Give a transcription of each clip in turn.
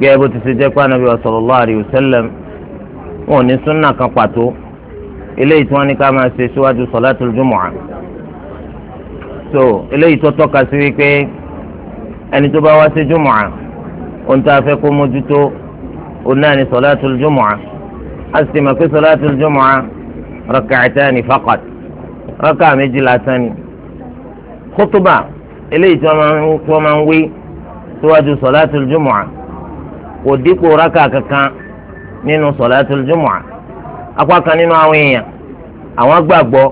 gẹ́gẹ́ bó ti ṣe jẹ́ pé anabi sallallahu alayhi wa sallam wọn ò ní súnà kan pàtó eléyìí tí wọ́n ní ká máa ṣe síwájú salatul jumu'ah so eléyìí tó tọ́ka sí wípé ẹni tó bá wá sí jumu'ah ohun tá a fẹ́ kó mójútó òun náà ní salatul jumu'ah a sì ti mọ̀ pé salatul jumu'ah rak'atani faqat rákà méjì lásán ni khutuba eléyìí tí wọ́n máa ń wí síwájú salatul jumu'ah kò dípò rákà kankan nínú sọ̀látul jumu'ah apá kan nínú àwọn èèyàn àwọn gbàgbọ́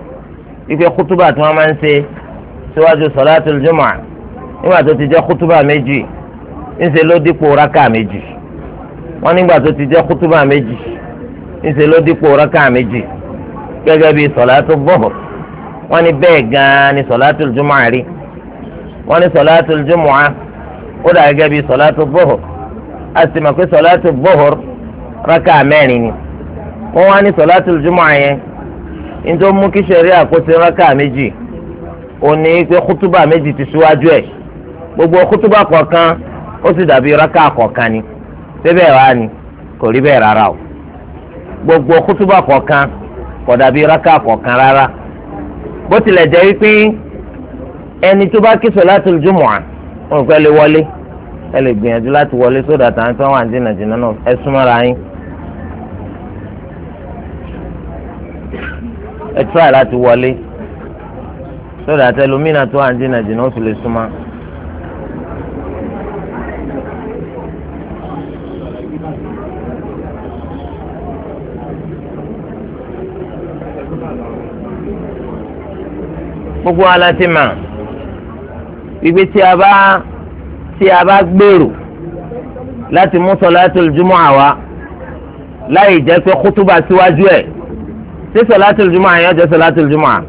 wípé kútúbà tí wọ́n máa ń ṣe síwájú sọ̀látul jumu'ah nígbà tó ti jẹ́ kútúbà méjì ńṣe ló dípò rákà méjì wọ́n nígbà tó ti jẹ́ kútúbà méjì ńṣe ló dípò rákà méjì gẹ́gẹ́ bíi sọ̀látù bọ́ọ̀ wọ́n ní bẹ́ẹ̀ gan-an ni sọ̀látù jùmọ̀ àrí wọ́n ní sọ̀látù jùmọ̀ ó dà gẹ́gẹ́ bíi sọ̀látù a sì mọ̀ pé sọ̀láàtù bọ́hùr rákà mẹ́rin ni wọ́n wá ní sọ̀láàtù jùmọ̀ yẹn ní tó mú kí sẹ̀rí àkóso rákà méjì ò ní pé kútúbà méjì ti síwájú ẹ̀ gbogbo kútúbà kọ̀ọ̀kan ó sì dàbí rákà kọ̀ọ̀kan ni síbẹ̀ wá ni kò rí bẹ́ẹ̀ rárá o gbogbo kútúbà kọ̀ọ̀kan kò dàbí rákà kọ̀ọ̀kan rárá bó tilẹ̀ jẹ́ wípé ẹni tó bá kí sọ̀láàtù jùmọ̀ wọn kò lè wọlé ẹ lè gbìyànjú láti wọlé sódà tá à ń tán wà ní jìnnàjìnnà náà ẹ súnmọ́ra yín. ẹ tíra láti wọlé sódà tá ẹlòmínà tó wà ní jìnnàjìnnà ó sì lè súnmọ́. gbogbo aláti mà ìgbésí abá tí a bá gbèrò láti mú sọláàtúl jùmọ̀ àwa láì jẹ́ pé kútúbà síwájú ẹ̀ ṣé sọláàtúl jùmọ̀ àyàn jẹ́ sọláàtúl jùmọ̀ à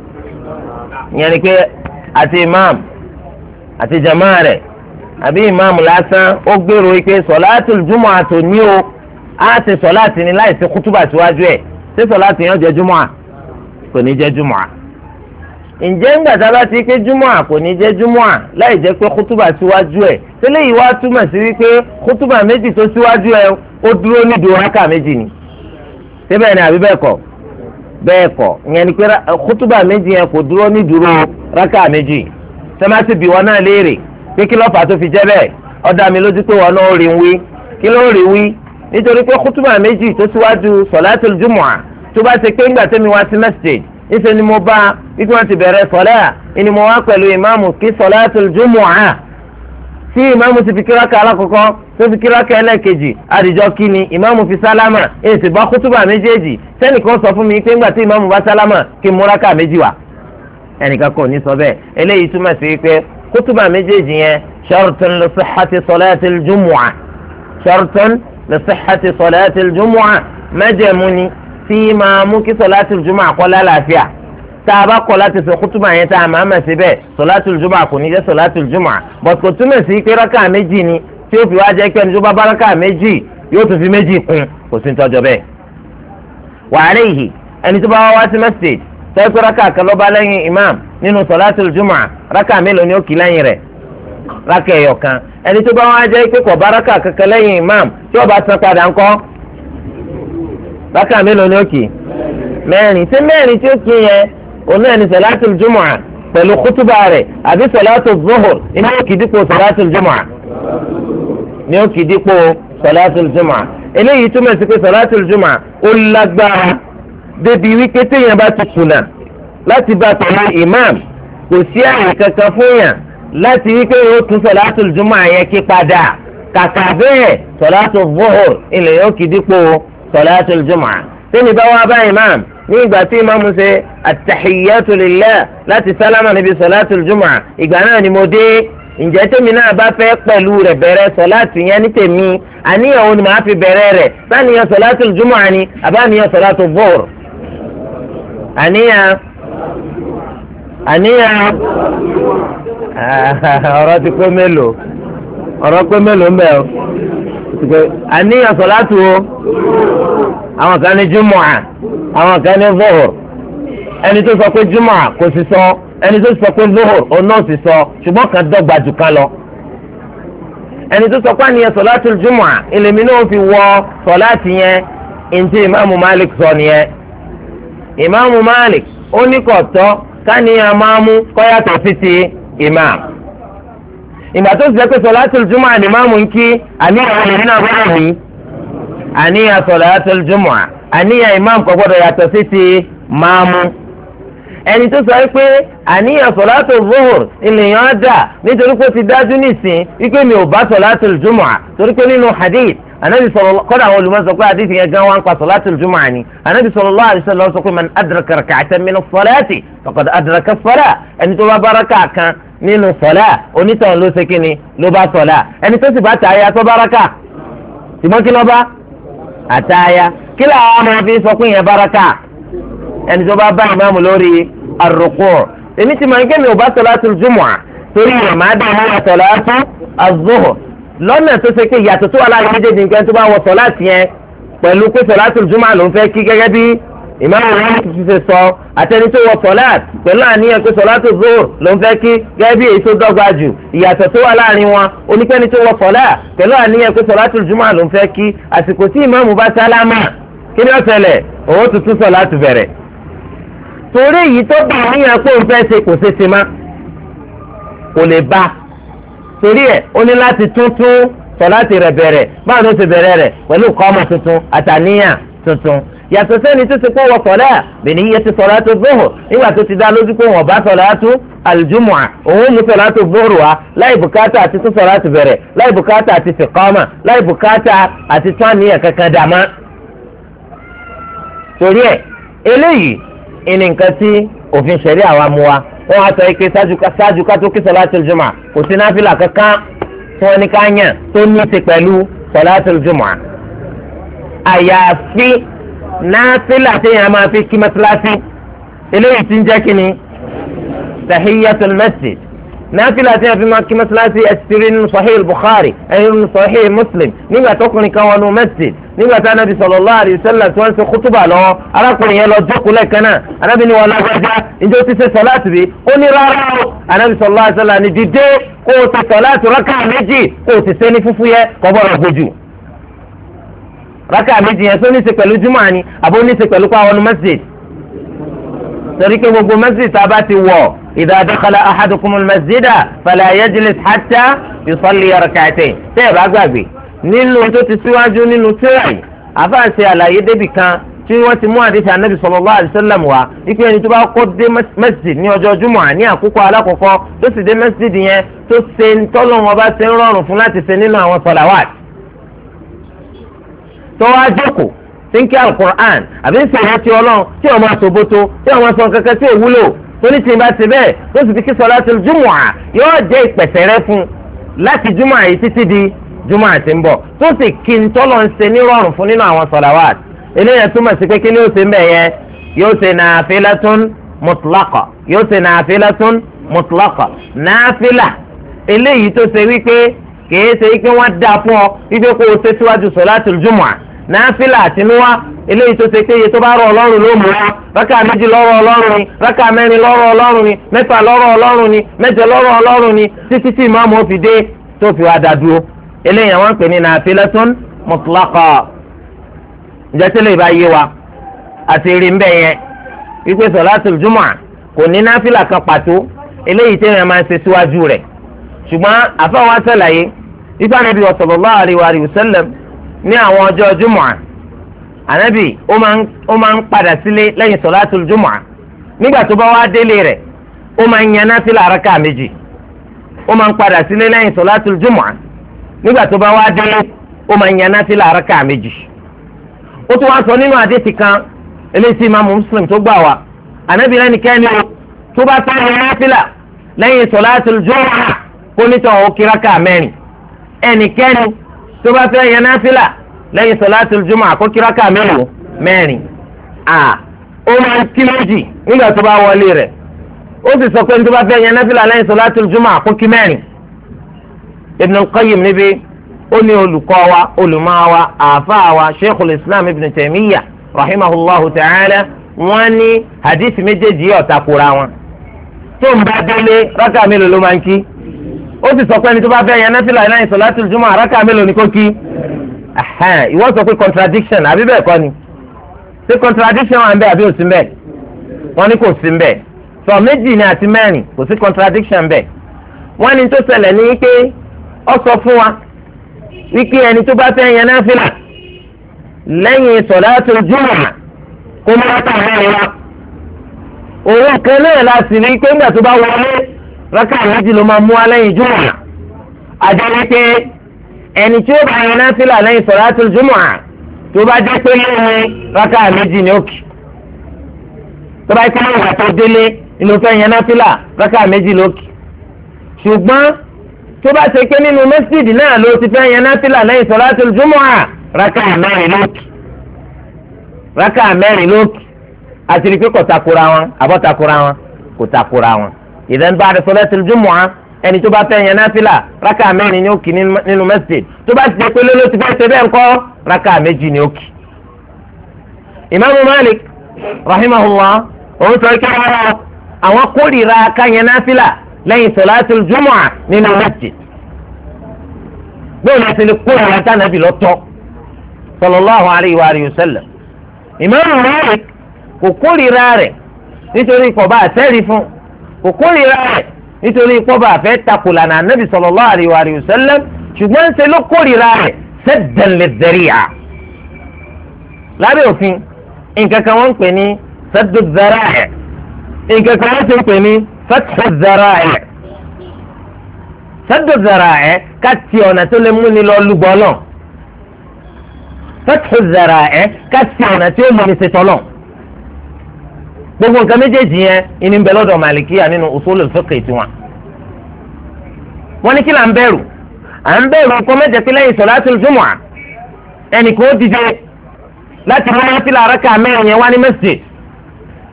ìyẹn ni pé àti imam àti jamaa rẹ̀ àbí imam lásán ó gbèrò pé sọláàtúl jùmọ̀ àtò ní o a ti sọláàtì ni láì sí kútúbà síwájú ẹ̀ ṣé sọláàtì yẹn jẹ́ jùmọ̀ à kò ní jẹ́ jùmọ̀ à ǹjẹ́ ńgbà tá a bá ti pé júmọ́à kò ní jẹ́ júmọ́à láì jẹ́ pé kútùbà síwájú ẹ̀ tẹ́lẹ̀ yìí wá túmọ̀ sí wípé kútùbà méjì tó síwájú ẹ̀ ó dúró ní ìdúró rákà méjì ni síbẹ̀ ni àbí bẹ́ẹ̀ kọ́ bẹ́ẹ̀ kọ́ ìyẹn ni pé kútùbà méjì yẹn kò dúró ní ìdúró rákà méjì tẹ́mátì bí wọn náà léèrè pé kí lọ́fà tó fi jẹ́ bẹ́ẹ̀ ó mi lójú pé wọn náà rí wí kí níṣẹ́ ni mo bá wípé wọ́n ti bẹ̀rẹ̀ sọ́lá ni mo wá pẹ̀lú ìmáàmù kí sọ́látul jumu'ah tí ìmáàmù ti fi kíráka alákọ̀ọ́kọ́ tó fi kíráka ẹlẹ́ẹ̀kejì àdìjọ kí ni ìmáàmù fi sálámà èsì bá kútùbà méjèèjì sẹ́nìkan sọ fún mi pé ńgbà tí ìmáàmù bá sálámà kí múraka méjì wá ẹnìkan kò ní sọ bẹ́ẹ̀ eléyìí túmọ̀ sí pé kútùbà méjèèjì yẹn shartun li sihhati salatil jumu'ah shartun tí máa mú kí sọláàtì jùmọ̀ àkọ́lá làáfíà tá a bá kọ̀ láti sọ kútùbà yẹn tá a máa mẹ̀sí bẹ́ẹ̀ sọláàtì jùmọ̀ kò ní jẹ́ sọláàtì jùmọ̀ bọ̀tò túmọ̀ sí pé rákà méjì ni tí ó fi wá jẹ́ pé ẹni bá rákà méjì yóò tún fi méjì kún kò sí tọ́jọ́ bẹ́ẹ̀. wàhálà yìí ẹni tó bá wá wá sí mẹ́sítẹ̀ẹ̀d tọ́jú rákà kan ló bá lẹ́yìn imam nínú sọláàtì jùmọ̀ rákà mélòó ni ó kì lẹ́yìn rẹ̀ rákà ẹ̀yọ̀ kan ẹni tó bá wá jẹ́ pé kò bá rákà kankan lẹ́yìn imam tí ó bá san padà ńkọ́ rákà mélòó ni ó kì mẹ́rin tí mẹ́rin tí ó kì yẹn òun náà ni sọláàtì jùmọ̀à pẹ̀lú kútùbà rẹ̀ àbí sọláàtì zuhur ni ó kì dípò sọláàtì jùmọ̀à ni ó kì dípò sọláàtì jùmọ̀à eléyìí túmọ̀ sí pé sọláàtì jùmọ̀à ó lágbára débi wípé téèyàn bá ti sùnà láti bá pẹ̀lú imam kò sí àyè kankan fún yàn láti wípé yóò tún sọláàtì jùmọ̀à yẹn kí padà kàkà bẹ́ẹ̀ sọláàtì zuhur ilẹ̀ yóò kì dípò salatul jumu'ah tẹ́ni bá wá bá imam ní ìgbà tí imam ṣe at-tahiyyatu lillah láti sálámà níbi salatul jumu'ah ìgbà náà ni mo dé ǹjẹ́ tèmi náà bá fẹ́ pẹ̀lú rẹ̀ bẹ̀rẹ̀ sọ̀láàtì yẹn ní tèmi àníyàn òun ni màá fi bẹ̀rẹ̀ rẹ̀ sáníyàn sọ̀láàtì jùmọ̀ àní àbáníyàn sọ̀láàtì bọ́ọ̀rù. àníyàn àníyàn ọ̀rọ̀ ti pé mélòó ọ̀rọ̀ pé mélòó ń bẹ̀ ọ́ àníyàn sọ̀láàtù o àwọn kan ní jùmọ̀à àwọn kan ní vóhùr ẹni tó sọ pé jùmọ̀à kò sì sọ ẹni tó sọ pé vóhùr òun náà sì sọ ṣùgbọ́n kan dọ́gba jù kan lọ ẹni tó sọ pé àníyàn sọ̀láàtù jùmọ̀à ìlèmí náà fi wọ sọ̀láàtì yẹn ntí ìmáàmù Malik sọ nìyẹn ìmáàmù Malik ó ní kọ̀ọ̀tọ́ káníyàn máa kọ́yàtọ̀ sí ti ìmáàmù ìgbà tó ti jẹ́ pé sọ̀látùl jùmọ̀ àní máa mú kí àníyàn rẹ̀ nínú àgbọ̀dọ̀ mi àníyàn sọ̀látùl jùmọ̀ àníyàn ìmáàmù kò gbọ́dọ̀ yàtọ̀ sí ti máa mú ẹni tó sọ pé àníyàn sọ̀látùl zuhur ìlèyàn á dà nítorí pé ó ti dájú nísìn wípé mi ò bá sọ̀látùl jùmọ̀ torí pé nínú hadith anabi sọlọ kọ́dà àwọn olùmọ̀sọ pé àdìsí yẹn gan wa ń pa sọláàtì lùjúmọ̀ àní anabi sallallahu alaihi wasallam sọ pé man adraka rak'atan min as-salati faqad adraka as-salah ẹni tó bá baraka kan nínú sọlá onítàn ló ṣe kíni ló bá sọlá ẹni tó sì bá tààyà tó baraka ṣùgbọ́n kí ló bá àtàyà kí làwọn máa fi sọ pé yẹn baraka ẹni tó bá bá ìmáàmù lórí ar-ruku' èmi lọ́nà tó ṣe pé ìyàtọ̀ tó wà láàrin méjèèjì nǹkan tó bá wọ sọ láti yẹn pẹ̀lú pé sọ láti jùmọ̀ ló ń fẹ́ kí gẹ́gẹ́ bí ìmáàmù rẹ̀ ti ṣe sọ àtẹni tó wọ sọ láti pẹ̀lú àníyàn pé sọ láti zoro ló ń fẹ́ kí gẹ́gẹ́ bí èyí tó dọ́gba jù ìyàtọ̀ tó wà láàrin wọn onípẹ́ni tó wọ sọ láti pẹ̀lú àníyàn pé sọ láti jùmọ̀ ló ń fẹ́ kí àsìkò tí ìmáàmù torí ẹ̀ ó ní láti tuntun sọláàtì rẹ̀ bẹ̀rẹ̀ báwo ló ti bẹ̀rẹ̀ rẹ̀ pẹ̀lú kọ́mọ tuntun àtàníyàn tuntun yàtọ̀ sẹ́ni tó ti kó wọ sọ̀lá bìnní yẹ ti sọ̀lá tó gbóhùn nígbà tó ti dá lójú pé wọ́n bá sọ̀lá tó àlùjùmọ̀ òun mú sọ̀lá tó gbóhùn wá láì bùkátà àti tún sọ̀lá tó bẹ̀rẹ̀ láì bùkátà àti fìkọ́mà láì bùkátà àti tún àníyàn kankan dàmá. torí ẹ eléyìí ìní nǹkan tí òfin ṣẹ̀rí àwa mú wa wọ́n á sọ yìí pé ṣáájú ká tó kí sọláṣẹ́ jùmọ̀ kò sí náfìlà kankan tí wọ́n ní ká yàn tó ní í ṣe pẹ̀lú sọláṣẹ́ jùmọ̀ àyàfi náfìlà téèyàn máa fi kí mọ́tíláṣí eléyìí ti ń jẹ́ kí ni tahiyyatul masjid náfìlà tí a fi máa kí mọ́sálásí ẹ̀sìtìrì nínú sahih bukhari ẹ̀yìn nínú sahih muslim nígbà tó kùnrin kan wọnú masjid nígbà tí anabi sallallahu alaihi wasallam tí wọn ṣe kútúbà lọ́wọ́ arákùnrin yẹn lọ jókòó lẹ́ẹ̀kan náà anabi ni wọn lágbájá ǹjẹ́ o ti ṣe sọláàtì bí ó ní rárá o anabi sallallahu alaihi wasallam ni dìde kó o ti sọláàtì rákà méjì kó o ti ṣe ní fúfú yẹ kọ bọrọ gbójú. rákà méjì yẹn tó ní ṣe pẹ̀lú jùmọ̀ àní àbó ní ṣe pẹ̀lú pàwọn masjid torí pé gbogbo masjid tá a bá ti wọ̀ idha dakhala ahadukumul masjida nínú tó ti síwájú nínú tírà yìí àfáà ṣe àlàyé débì kan tí wọ́n ti mú àdìsí anabi sallallahu alaihi wasallam wá ipe ẹni tó bá kọ́ dé mẹ́sìdì ní ọjọ́ júmọ̀ àní àkókò alákọ̀ọ́kọ́ tó sì dé mẹ́sìdì yẹn tó ṣe tọ́lọ́wọ́n bá ṣe ń rọrùn fún láti ṣe nínú àwọn sọ̀làwàt. tó wá jókòó tí ń kí alukur'an àbí ń sèyàn ti ọlọ́run tí ọmọ àtòbótó tí ọmọ sọ kankan tí èwúlò tóní tí ń bá ti bẹ́ẹ̀ tó sì ti di júmọ̀ àti ń bọ̀ tó sì kí n tọ́lọ̀ ń ṣe nírọ̀rùn fún nínú àwọn sọ̀làwàt eléyẹn túmọ̀ sí pé kí ni ó ṣe ń bẹ̀ yẹn yóò ṣe nàáfílátún mutlaqa yóò ṣe nàáfílátún mutlaqa nàáfílà eléyìí tó ṣe wípé kìí ṣe wípé wọ́n dá fún ọ wípé kó o ṣe síwájú sọ̀látùl júmọ̀ nàáfílà àtinúwá eléyìí tó ṣe pé iye tó bá rọ ọlọ́run ló mú wa rákà méjì lọ́rọ̀ ọlọ́run ni rákà mẹ́rin lọ́rọ̀ ọlọ́run ni mẹ́fà lọ́rọ̀ ọlọ́run ni mẹ́jọ lọ́rọ̀ ọlọ́run ni títí tí ìmáàmù ó fi dé tó fi wá dá dúró eléyìí àwọn ń pè ní nàfílẹ́tún mutlaqa ǹjẹ́ tí lè bá yé wa àti rí mbẹ́ yẹn wípé sọ̀láṣù jùmọ̀ kò ní náfìlà kan pàtó eléyìí téèyàn máa ń ṣe síwájú rẹ̀ ṣùgbọ́n àfọwọ́ sẹ̀láyé wípé ànábì sallallahu alaihi wa sallam ní àwọn ọjọ́ jùmọ̀ ànábì ó máa ń padà sílé lẹ́yìn sọ̀láṣù jùmọ̀ nígbà tó bá wá délé rẹ̀ ó máa ń yan náfìlà àràkà méjì ó máa ń padà sílé lẹ́yìn sọ̀láṣù jùmọ̀ nígbà tó bá wá délé ó máa ń yan náà sí làárọ̀kà méjì ó tún wá sọ nínú àdéhìí kan eléyìí ìmáàmù Muslim tó gbà wá ànábì lẹ́ni kẹ́ni o tó bá sọ yan náà sílà lẹ́yìn sọ̀láàtì jọ́wọ́ kó nítorí ó kíráka mẹ́rin ẹnikẹ́ni tó bá fẹ́ yan náà sílà lẹ́yìn sọ̀láàtì jọ́mọ́ kó kíráka mẹ́rin mẹ́rin a ó máa ń kí méjì nígbà tó bá wọlé rẹ̀ ó sì sọ pé tó bá fẹ́ yan náà sílà lẹ́yìn sọ̀láàtì jọ́mọ́ kó kí mẹ́rin ibn al-qayyim níbi ó ní olùkọ́ wa olùmọ̀ wa àáfàá wa sheikhul islam ibn taymiyyah rahimahullahu ta'ala wọ́n ní hadith méjèèjì yóò takora wọn tó ń bá délé rákà mélòó ló máa ń kí ó sì sọ pé ẹni tó bá fẹ́ yan nafila iná ìsọ̀látì ìjùmọ̀ rákà mélòó ni kó kí ìwọ sọ pé contradiction àbí bẹ́ẹ̀ kọ́ ni ṣé contradiction wà ń bẹ àbí ò sí ń bẹ wọ́n ní kò sí ń bẹ sọ méjì ni àti mẹ́rin kò sí contradiction bẹ́ẹ̀ wọ́n ní tó ṣẹlẹ̀ ní pé ọ sọ fún wa wípé ẹni tó bá fẹ́ yan náfìlà lẹ́yìn sọ̀láàtò jùmọ̀ kó má bàtà mẹ́rin wa òun kan náà la sì rí pé nígbà tó bá wọlé rákà méjì ló máa mú wa lẹ́yìn jùmọ̀ àjọyọ̀ pé ẹni tí ó bá yan náfìlà lẹ́yìn sọ̀láàtò jùmọ̀ tó bá jẹ́ pé lẹ́yìn rákà méjì ni ó tó bá yẹ kí wọ́n wà tó délé inú fẹ́ yan náfìlà rákà méjì ló kì ṣùgbọ́n tó bá ṣe pé nínú mẹ́sídìí náà ló ti fẹ́ yan náfìlà lẹ́yìn sọ̀látul jumu'a rákà mẹ́rin lókì rákà mẹ́rin lókì àti rí pé kò takora wọn àbọ̀ takora wọn kò takora wọn ìdán ba'da sọ̀látul jumu'a ẹni tó bá fẹ́ yan náfìlà rákà mẹ́rin ni ó kì nínú mẹ́sídìí tó bá ṣe pé lóló ti fẹ́ ṣe bẹ́ẹ̀ ńkọ́ rákà méjì ni ó ìmáàmù Malik rahimahullah òun sọ ikẹ́ rárá àwọn kórìíra ká yan náfìlà lẹ́yìn sọ̀láàtì jùmọ̀à nínú masjid bóyá ti lè kó ara tá nàbì lọ́tọ́ sallallahu alayhi wa alihi wa sallam ìmáàmù Malik kò kórìíra rẹ̀ nítorí kọ̀ọ̀bá àtẹ́rì fún kò kórìíra rẹ̀ nítorí kọ̀ọ̀bá àfẹ́ takùlà náà nàbì sallallahu alayhi wa alihi wa sallam ṣùgbọ́n ń ṣe ló kórìíra rẹ̀ saddan lidhari'a lábẹ́ òfin nǹkan kan wọ́n ń pè ní saddu dhara'i fathu zara'i sadu zara'i kati ti ọ̀nà tó lè múni lọ lúgbọ́ náà fathu zara'i ká ti ọ̀nà tí ó múni ṣetọ́ náà gbogbo nǹkan méjèèjì yẹn ìní ń bẹ lọ́dọ̀ màlìkíyà nínú usul al-fiqh tiwọn wọ́n ní kí là ń bẹ̀rù à ń bẹ̀rù nǹkan mẹ́jẹ pé lẹ́yìn sọ̀láṣí ìjùmọ̀ à ẹnì kò dìde láti mú láti làárọ̀ ká mẹ́rin yẹn wá ní mẹ́sìtì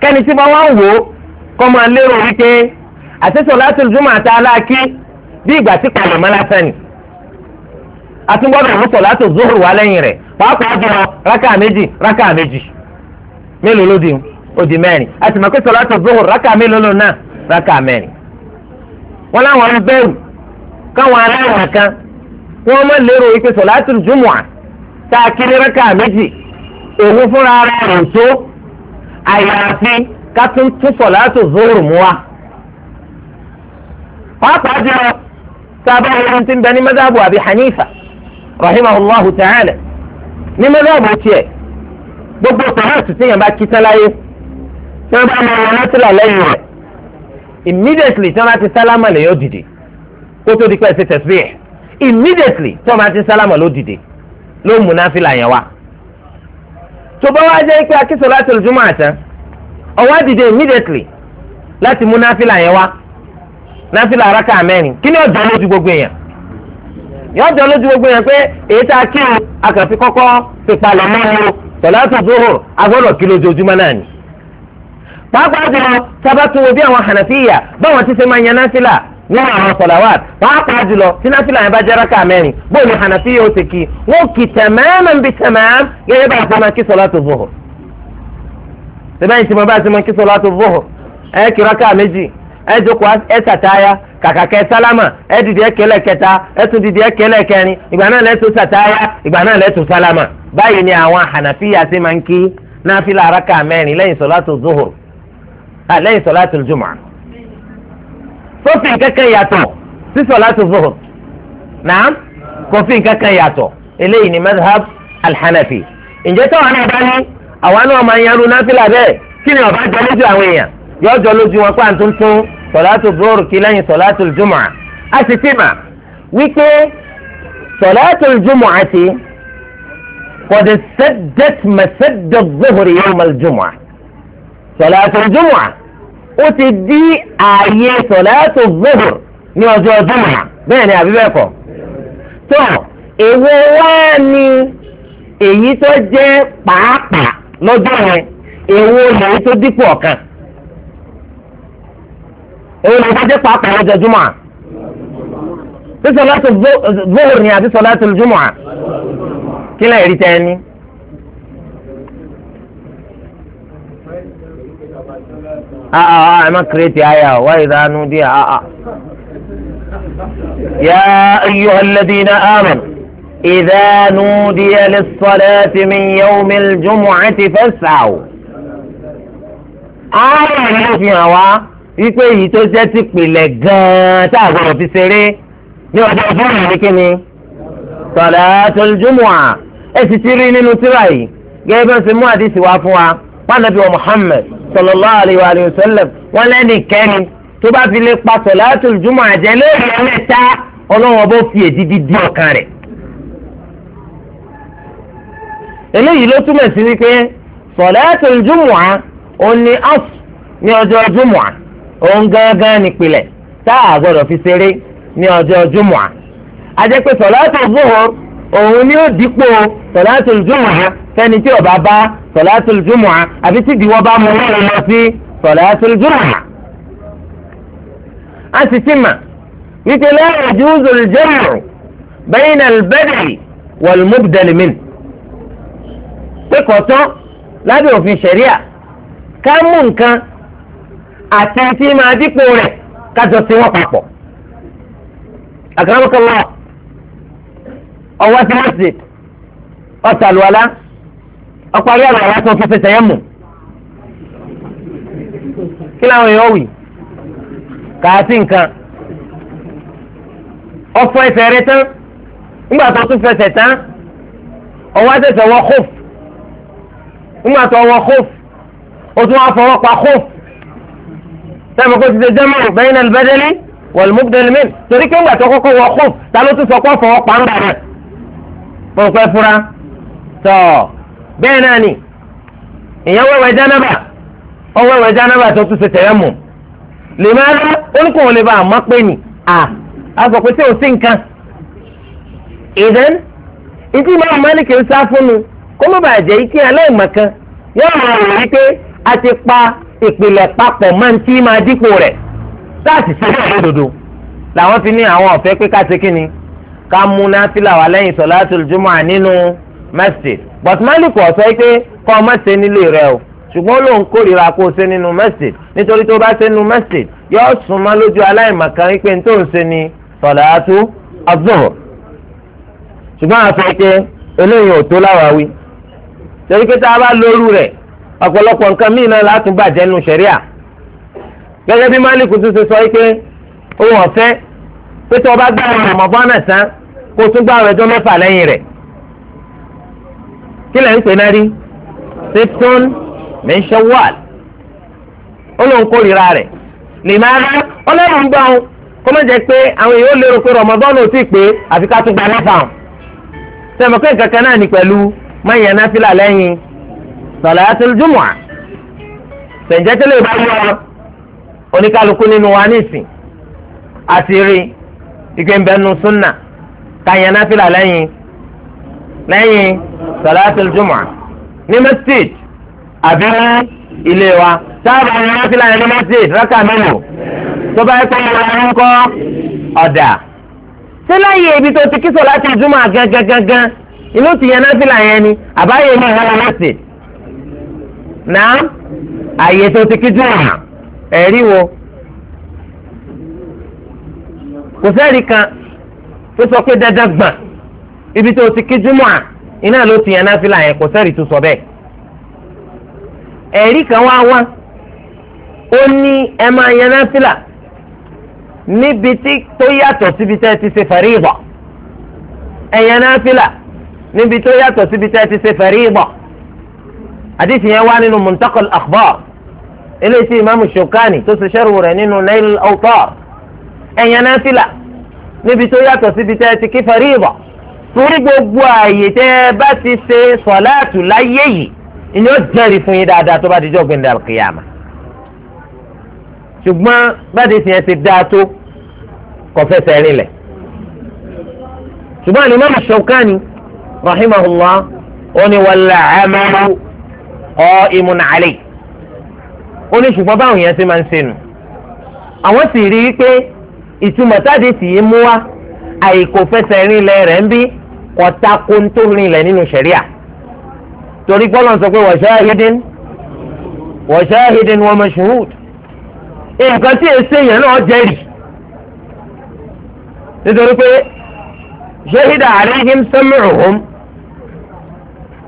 kẹ́ni tí wọ́n wá ń wò ó kọ́ máa lérò wípé àtẹ́sọ̀ láti zuma àti aláàkí bí ìgbà tí kàlẹ́ mọ́ lásán ni àtúngbọ́dọ̀ mú sọ̀ láti zuhuru wá lẹ́yìn rẹ̀ pàápàá jùlọ rákà méjì rákà méjì mélòó ló di ó di mẹ́rin àti mọ̀ sọ̀ láti zuhur rákà mélòó ló náà rákà mẹ́rin. wọ́n láwọn ń bẹ̀rù káwọn kan wọ́n mọ̀ lérò kiri rákà méjì òun fúnra rẹ̀ ká tún tún sọ̀láàtù zuhur mú wa. pàápàá jẹ́ sábà wọn ti ń bẹ ní madhabu àbí hanifa rahimahullahu ta'ala ní madhabu tiẹ̀ gbogbo sọ̀láàtù tí yẹn bá kí sáláyé tí wọ́n bá mọ wọn láti lẹ́yìn rẹ̀ immediately tí wọ́n bá ti sálámà lè yọ dìde kó tó di pẹ́ ṣe tasbih immediately tí wọ́n bá ti sálámà ló dìde ló múná fìlà yẹn wa. tó bá wá jẹ́ pé akísọ̀ láti lójúmọ́ àtàn ọwọ́ dìde immediately láti mú náfìlà yẹn wá náfìlà araka mẹ́rin kí ni ọjọ́ lójú gbogbo èèyàn yóò jọ lójú gbogbo èèyàn pé èyí tá a kí o a kàn fi kọ́kọ́ fi palẹ̀ mọ́ o sọ̀láàtù zuhur agbọ́dọ̀ kí lójoojúmọ́ náà ni. pàápàá jùlọ sábàtún wo bí àwọn hànàfíyà báwọn ti ṣe máa yan náfìlà nínú àwọn sọ̀làwàt pàápàá jùlọ tí náfìlà yẹn bá jẹ́ rákà mẹ́rin bóyá hànàfíyà ó ti kí wọ́n kì tẹ̀mẹ́ẹ́mẹ́ bí tẹ̀mẹ́ẹ́m gẹ́gẹ́ bá a fẹ́ máa kí sọ̀láàtù zuhur sẹ́bẹ̀yìn tí mo bá ṣe mọ kí sọlá tó bọ̀ ẹ kí rákà méjì ẹ jókòó ẹ sàtáyà kàkà kẹ sálámà ẹ dìde ẹ kẹlẹ kẹta ẹ tún dìde ẹ kẹlẹ kẹrin ìgbà náà lẹ́tọ̀ sàtáyà ìgbà náà lẹ́tọ̀ sálámà báyìí ni àwọn hànàfíyà ṣe máa ń kí náfìlà rákà mẹ́rin lẹ́yìn sọlá tó zuhur lẹ́yìn sọlá tó jùmọ̀ sófin kankan yàtọ̀ sí sọlá tó zuhur náà kófin kankan yàtọ̀ eléyìí ni madhab alhanafi ǹjẹ́ táwọn náà bá àwa náà máa yanru náfìlà bẹ́ẹ̀ kí ni ọba jọ lójú àwọn èèyàn yọ jọ lójú wọn pàǹ tuntun sọ̀látù bóòrù kí lẹ́yìn sọ̀látù jùmọ̀ a sì ti mà wípé sọ̀látù jùmọ̀ àti kọ̀dé sẹ́dẹ̀t mẹ́sẹ́dẹ̀ gbóhùrì yóò mọ̀ jùmọ̀ sọ̀látù jùmọ̀ ó ti di ààyè sọ̀látù gbóhùr ní ọjọ́ jùmọ̀ bẹ́ẹ̀ ni àbí bẹ́ẹ̀ kọ́ tó èwo wá ni èyí tó jẹ́ pàápàá. lọ́jọ́ yẹn èwo lèyí tó dípò ọ̀kan ewu ọ̀nà tó dípò ọ̀kan lọ́jọ́ júmọ̀ à sí láti zuhur ni àbí láti júmọ̀ à kí lẹ́yìn rí tẹ́ni. a'a ẹ má kírètì àyà wá ìdánù díẹ̀ a'a. يا أيها الذين آمنوا إذا نودي للصلاة من يوم الجمعة فاسعوا ààrẹ ló fi hàn wá wípé èyí tó jẹ́ ti pìlẹ̀ gan-an tá a gbọ́dọ̀ fi ṣeré ní ọjọ́ fúnra ní kíni salatul jumu'ah ẹ sì ti rí nínú tírà yìí gẹ́gẹ́ bí wọ́n ṣe mú àdìsí wá fún wa pànàbí wa Muhammad sallallahu alayhi wa sallam wọn lẹ́nìkẹ́ni tó bá fi lè pa salatul jumu'ah àjẹ́ lórí ẹ̀mẹ́ta ọlọ́wọ́n bó fi èdìdí di ọkàn rẹ̀. eléyìí ló túmọ̀ sí wípé sọ̀láàtì jùmùà òun ni ọ̀f ní ọjọ́ jùmùà òun gángan nípìlẹ̀ tá a gbọ́dọ̀ fi ṣeré ní ọjọ́ jùmùà. ajẹ́ pé sọ̀láàtì zuhur òun ni ó dípò sọ̀láàtì jùmùà fẹ́ni tí ó bá bá sọ̀láàtì jùmùà àbí tí ìdíwọ́ bá mú wọn lọ sí sọ̀láàtì jùmùà. a sì ti mà wípé la yajuzu al-jam'u pé kọ̀tọ́ lábẹ́ òfin ṣẹ̀ríà ká mú nǹkan àti tí máa dípò rẹ̀ kájọ tí wọ́n papọ̀. àkàràmọ́kànlá ọwọ́ tí wọ́n ṣe ọ̀tàlùwàlá ọparí ọ̀rọ̀ àlá tó fi ṣẹṣẹ yẹn mú. kí làwọn èèyàn wì kàásì nǹkan ọ̀fọ̀ ẹsẹ̀ rẹ̀ tán nígbà tó tún fẹsẹ̀ tán ọwọ́ àtẹ̀sẹ̀ wọ́n kófù nígbà tó wọ kóf o tún wá fọwọ́ pa kóf sẹ́mi kó ti ṣe jẹ́mọ̀ bẹ́yìn alibẹ́dẹ́lì wọ̀lmúbdẹ́lìmín torí pé nígbà tó kọ́kọ́ wọ kóf ta ló tún sọ pé fọwọ́ pa ńgbà rẹ̀ mo pẹ́ fura tọ́ bẹ́ẹ̀ náà ni ìyẹn wẹ̀wẹ̀ jánábà ó wẹ̀wẹ̀ jánábà tó tún ṣe tẹ̀yẹ́ mọ̀ lèmọ́ra oníkùn lè ba àmọ́ pé ni à á sọ pé tí ò sí nǹkan ìdẹ́n ìdí ìmọ̀ àmọ́ ni kì í sá fún mi kó má bàa jẹ́ ike aláìmọ̀kan yóò máa rò wípé a ti pa ìpìlẹ̀ papọ̀ máa ń tí máa dípò rẹ̀ láti sílẹ̀ lódodo làwọn fi ní àwọn ọ̀fẹ́ pé ká ṣe kíni ká mú náfìlà wà lẹ́yìn sọ̀láṣẹ́ ojúmọ́ nínú masjid but malik ọ̀sọ́ pé kọ́ ọ má ṣe nílé rẹ o ṣùgbọ́n ló ń kórìíra kó o ṣe nínú masjid nítorí tó bá ṣe nínú masjid yóò súnmọ́ lójú aláìmọ̀kan wípé n tó ń ṣe ni sọ̀láṣẹ́ azọ́ọ̀ ṣùgbọ́n àfẹ́ pé eléyìí ò tó láwàá wí torí pé tá a bá lóru rẹ̀ ọ̀pọ̀lọpọ̀ nǹkan míì náà látún bàjẹ́ nu sẹ̀ríà gẹ́gẹ́ bí Málíkù tún ṣe sọ pé òun ọ̀fẹ́ pé tí wọ́n bá gbára Ramadan tán kó tún gbá àwọn ẹjọ́ mẹ́fà lẹ́yìn rẹ̀ kí lẹ́ ń pè náà rí sipton min ó lóun kórìíra rẹ̀ nìmọ̀ ara ọlọ́run gbọ́ ọ́n kó má jẹ́ pé àwọn èèyàn lérò pé Ramadan ò tí ì pé àfi ká tún gba mẹ́fà ọ́n má yẹn náfìlà lẹ́yìn salatul jumu'ah tẹ̀jẹ́tẹ́lẹ̀ bá yọ oníkálukú nínú wa nísìn àti rí ike ń bẹnu súnà ká yẹn náfìlà lẹ́yìn lẹ́yìn salatul jumu'ah ní masjid àbí ilé wa sábà yẹn náfìlà yẹn ní masjid rákà mélòó tó bá yẹ kó yẹ wọn kọ́ ọ̀dà sílẹ̀ yìí ibi tó ti kí salatul jumu'ah gángan gángan. inú ti yan náfìlà yẹn ni àbáyé máa hàn án láti ayeto àyè tó ti kíjú hàn ẹ̀rí wo kò kan tó sọ ibi tó ti kíjú mọ́ à iná ló ti yan náfìlà yẹn kò sẹ́ẹ̀rí tó sọ bẹ́ẹ̀ ẹ̀rí kan wá wá ó ní ẹ máa yan náfìlà níbi tó níbi tó yàtọ̀ síbi tẹ́ ti ṣe fariida àdìsí yẹn wá nínú muntaqal akhbar eléyìí imaamu shokani tó ṣe sẹ́rù rẹ̀ nínú nail autar ẹ̀yàn náà fìlà níbi tó yàtọ̀ síbi tẹ́ ti kí fariida torí gbogbo ààyè tẹ́ bá ti ṣe sọ̀láàtù láyé yìí ìní ó jẹ́rìí fún yín dáadáa tó bá di jọ́gbìn dàrú kìyàmà ṣùgbọ́n báde tiẹ̀ ti dáa tó kò fẹsẹ̀ rinlẹ̀ ṣùgbọ́n àlùmọ́ shokani rahimahullah oni wàlá amalu ọ imun ali oni ṣùgbọ́n báwọn yẹn ṣe máa ń ṣe nù àwọn sì rí i pé ìtumọ̀ táde sì yé mú wa àìkò fẹsẹ̀ rinlẹ̀ rẹ̀ ń bí kọ̀tà kó ń tó rinlẹ̀ nínú ṣẹ̀ríà torí gbọ́dọ̀ sọ pé wa shahidin wa shahidin wa mashhud nǹkan tí èsè yẹn náà jẹ́rìí nítorí pé shahida alaihim sam'uhum.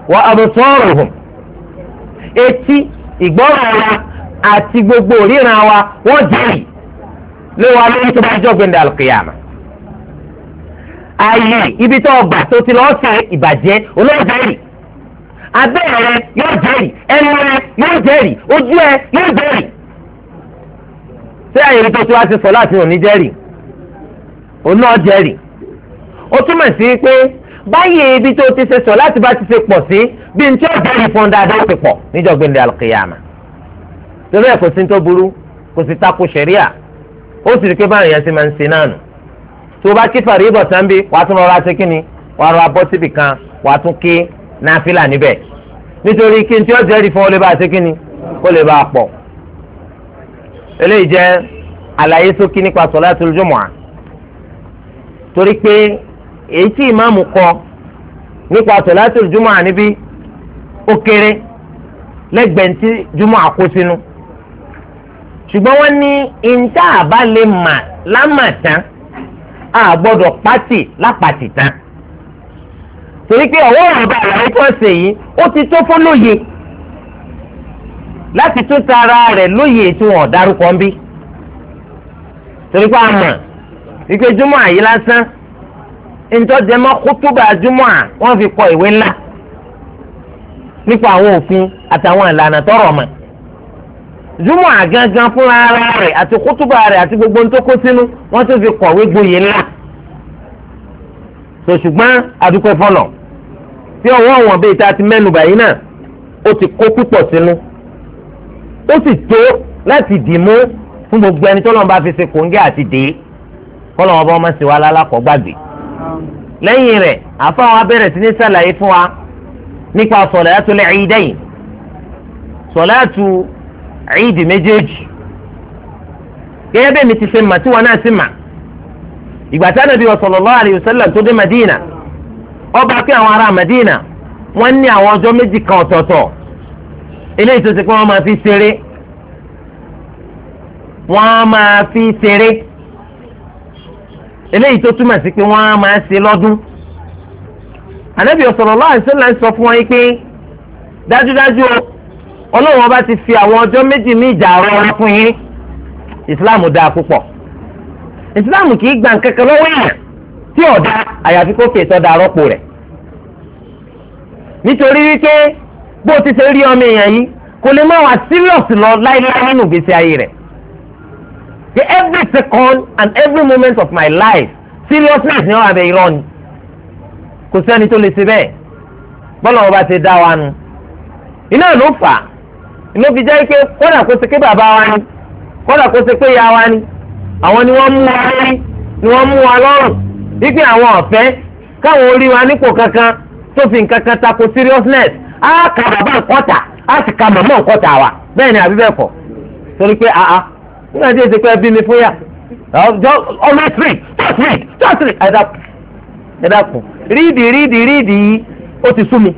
wa absaruhum eti ìgbọ́ràn àti gbogbo òríran wa wọ́n jẹ́rìí lé wa lórí tó bá jọ́ gbẹ̀ndẹ̀ àlùkìyàmà ayé ibi tó ọgbà tó ti lọ́ọ́ ṣe ìbàjẹ́ olóò abẹ́ rẹ yóò jẹ́rìí ẹnu rẹ yóò jẹ́rìí ojú ẹ yóò jẹ́rìí ṣé àyèrè tó ti wá ti sọ láti òní jẹ́rìí òun náà báyìí ibi tó ti ṣe sọ láti bá ti ṣe pọ̀ sí bí n tí ó bẹ̀rẹ̀ fún dáadáa ti pọ̀ níjọ́ gbẹ̀ndẹ̀ alùkìyàmà torí ẹ̀ kò sí tó burú kò sí takò ṣẹ̀ríà ó sì rí pé báyìí yẹn ti máa ń ṣe náà nù tó bá kí fàrí ibọ̀ tán bí wàá tún rọra ṣe kíni wàá rọra bọ́ síbì kan wàá tún kí náfìlà níbẹ̀ nítorí kí n tí ó jẹ́rìí fún ọ lè bá ṣe kíni kó lè bá pọ̀ eléyìí jẹ́ àlàyé sókí nípa sọ̀látùl jumu'ah torí pé èyí tí ìmáàmù kọ nípa sọ̀látò júmọ̀ àníbí ó kéré lẹ́gbẹ̀ẹ́ tí júmọ̀ àkó sínú ṣùgbọ́n wọ́n ní ìńtà àbá lè mà lámàtán a gbọ́dọ̀ pátì lápàtì tán torí pé ọ̀wọ́ ọ̀rọ̀ àlàyé tó ń ṣe yìí ó ti tó fún lóye láti tún tara rẹ̀ lóye tí wọ́n dárúkọ ń bí torí pé a mọ̀ ìpè júmọ̀ àyè lásán ntọ́jẹ́mọ́ kútúbà júmọ́ à wọ́n fi kọ ìwé ńlá nípa àwọn òfin àtàwọn ìlànà tọrọ mọ́ júmọ́ à gangan fúnra ara rẹ̀ àti kútúbà rẹ̀ àti gbogbo ntó kó sínú wọ́n tún fi kọ̀wé gboyè ńlá tó ṣùgbọ́n adúpẹ́ fọlọ̀ tí ọwọ́ àwọn bíi ta ti mẹ́nu báyìí náà ó ti kó púpọ̀ sínú ó sì tó láti dìímú fún gbogbo ẹni tó lọ́nba fi ṣe kòńgẹ́ àti dèé kọ́ lọ́wọ́ bá ọmọ sí wa lálàkọ́ lẹ́yìn rẹ̀ àfáà wa bẹ̀rẹ̀ sí ní sàlàyé fún wa nípa sọ̀láàtù l-Ìídàyìn sọ̀láàtù ìdì méjèèjì gẹ́gẹ́ bẹ́ẹ̀ mi ti ṣe mà tí wọn náà sì mà ìgbà tí Ànábì sallallahu alayhi wa sallam tó dé Madina ó kí àwọn ará Madina wọ́n ní àwọn ọjọ́ méjì kan ọ̀tọ̀ọ̀tọ̀ eléyìí tó ti pé wọ́n máa fi ṣeré wọ́n máa fi ṣeré eléyìí tó túmọ̀ sí pé wọ́n á máa ṣe lọ́dún ànábì sallallahu alaihi wasallam sọ fún wọn pé dájúdájú ọlọ́run ọba ti fi àwọn ọjọ́ méjì ní ìjà ọ̀rọ̀ ọ̀rọ̀ fún yín islam dáa púpọ̀ islam kì í gba nǹkan kan lọ́wọ́ èèyàn tí ọ̀dà àyàfi kó fi ìtọ́da rọ́pò rẹ̀ nítorí wípé bó ti ṣe rí ọmọ èèyàn yìí kò lè má wà serious lọ láéláé nínú ìgbésí ayé rẹ̀ pé every second and every moment of my life seriousness ni wọ́n abẹ irọ́ ni kò sẹ́ni tó lè ṣe bẹ́ẹ̀ bọ́lá wọn bá ti dá wa nu iná ló fà á inú fi jẹ́ pé kódà kó ṣe pé bàbá wa ni kódà kó ṣe pé ìyá wa ni àwọn ni wọ́n mú wa lórí ni wọ́n mú wa lọ́rùn wípé àwọn ọ̀fẹ́ káwọn orí wa nípò kankan tó fi nǹkan kan tako seriousness á ka bàbá nkọ́ta á sì ka màmá nkọ́ta wa bẹ́ẹ̀ ni àbí bẹ́ẹ̀ kọ́ torí pé àá nígbà tí èsì pé bí mi fún yà always read just read just read ẹ dákun ẹ dákun rídì rídì rídì yìí ó ti sú mi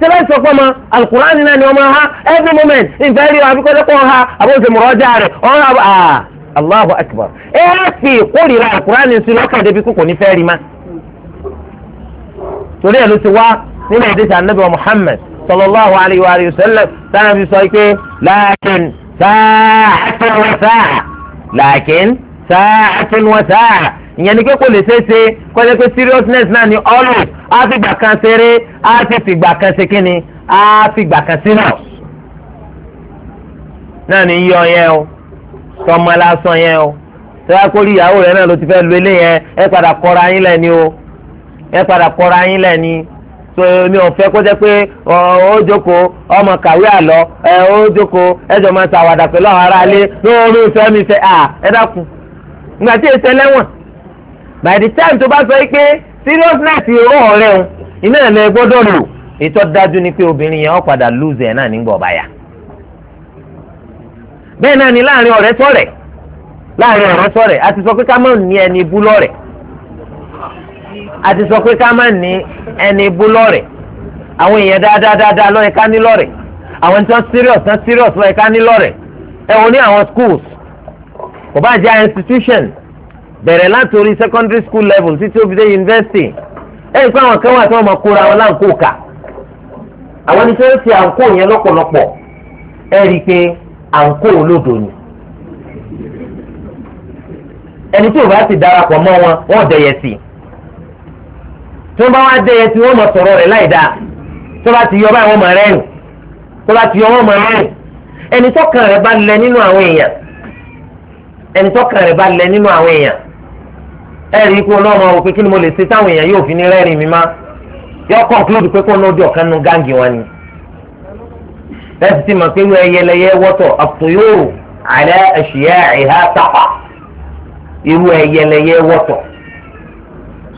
sẹ́lẹ̀ sọ fún ọmọ alukur'an náà ọmọ ha every moment nfẹ́ rí wa abikọ́jọ́ kọ́ ha àbọ̀nsẹ̀ mọ̀rọ́jà rẹ̀ ọ̀hún àbọ̀ ah allahu akbar ẹ á fi ìkórìíra alukur'an sí lọ́kàn débi kókò ní fẹ́ rí ma torí ẹ̀ ló ti wá nínú ìdíje anabi wa muhammad sallallahu alayhi wa sallam sáyẹn fi sọ pé láàkín sáàtún wa sáà làákín sáàtún wa sáà ìyẹn ni pé kò lè ṣeé ṣe kọ́lé pé seriousness náà ni always á fi gbà kan ṣeré á ti fi gbà kan ṣe kíni á fi gbà kan sínú. náà ni yíyọ yẹn o tọmọ lásán yẹn o sọ́yà kórì ìyàwó rẹ̀ náà ló ti fẹ́ lu eléyẹn ẹ padà kọ́ra yín lẹ́ni o ẹ padà kọ́ra yín lẹ́ni tó ní ọ̀fẹ́ kó jẹ́ pé ó jókòó ọmọ kàwé àlọ́ ẹ ó jókòó ẹjọ́ máa ṣàwàdà pẹ̀lú àwọn ará ilé lórí mi à ẹ dákun ìgbà tí by the time tó bá sọ pé seriousness ìró ọ̀rẹ́ o iná ẹ̀ lẹ gbọ́dọ̀ lò daju ni pé obìnrin yẹn ó padà lose ẹ̀ náà nígbà ọ̀bá yà bẹ́ẹ̀ náà ni láàrin ọ̀rẹ́ láàrin ọ̀rẹ́ a sọ pé ká má ní àti sọ pé ká má ní ẹni bú lọ́rẹ̀ àwọn èèyàn dáadáa dáadáa ló yẹ ká ní lọ́rẹ̀ àwọn tí wọ́n serious náà serious ló yẹ ká ní lọ́rẹ̀ ẹ wò ní àwọn schools kò bá jẹ́ institution bẹ̀rẹ̀ látòrí secondary school level títí ó fi dé university ẹ rí i pé àwọn kan wà tí wọ́n máa kóra wọn láǹkó kà àwọn ẹni tí wọ́n ti àǹkó yẹn lọ́pọ̀lọpọ̀ ẹ rí i pé àǹkó olódo ni ẹni tí ò bá ti darapọ̀ mọ́ wọn wọ́n dẹ̀yẹ sí i tí wọ́n bá wá dẹ̀yẹ sí i wọ́n mọ̀ sọ̀rọ̀ rẹ̀ láì dáa tó bá ti yọ báyìí wọ́n mọ̀ rẹ́rìn tó bá ti yọ wọ́n mọ̀ rẹ́rìn ẹni tọ́kàn rẹ̀ bá lẹ nínú àwọn èèyàn ẹni tọ́kàn rẹ̀ bá lẹ nínú àwọn èèyàn ẹ rí i kó lọ́mọ òpin kí ni mo lè ṣe táwọn èèyàn yóò fi ní rẹ́rìn mi má yọ kọ́ńkúlódù pé kó lóde ọ̀kan nu gáǹgì wọn ni ẹ ti ti mọ̀ pé wọ́n ẹyẹlẹyẹ wọ́tọ̀ àpòyòrò àlẹ́ ẹ̀ṣìyẹ́ ẹ̀há sáfà irú ẹyẹlẹyẹ wọ́tọ̀